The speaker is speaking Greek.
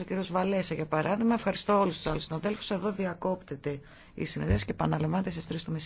Ο κύριο Βαλέσα, για παράδειγμα, ευχαριστώ όλου του άλλου συναδέλφους. Εδώ διακόπτεται η συνεδρία και επαναλαμβάνεται στι 3 του μεσημέρι.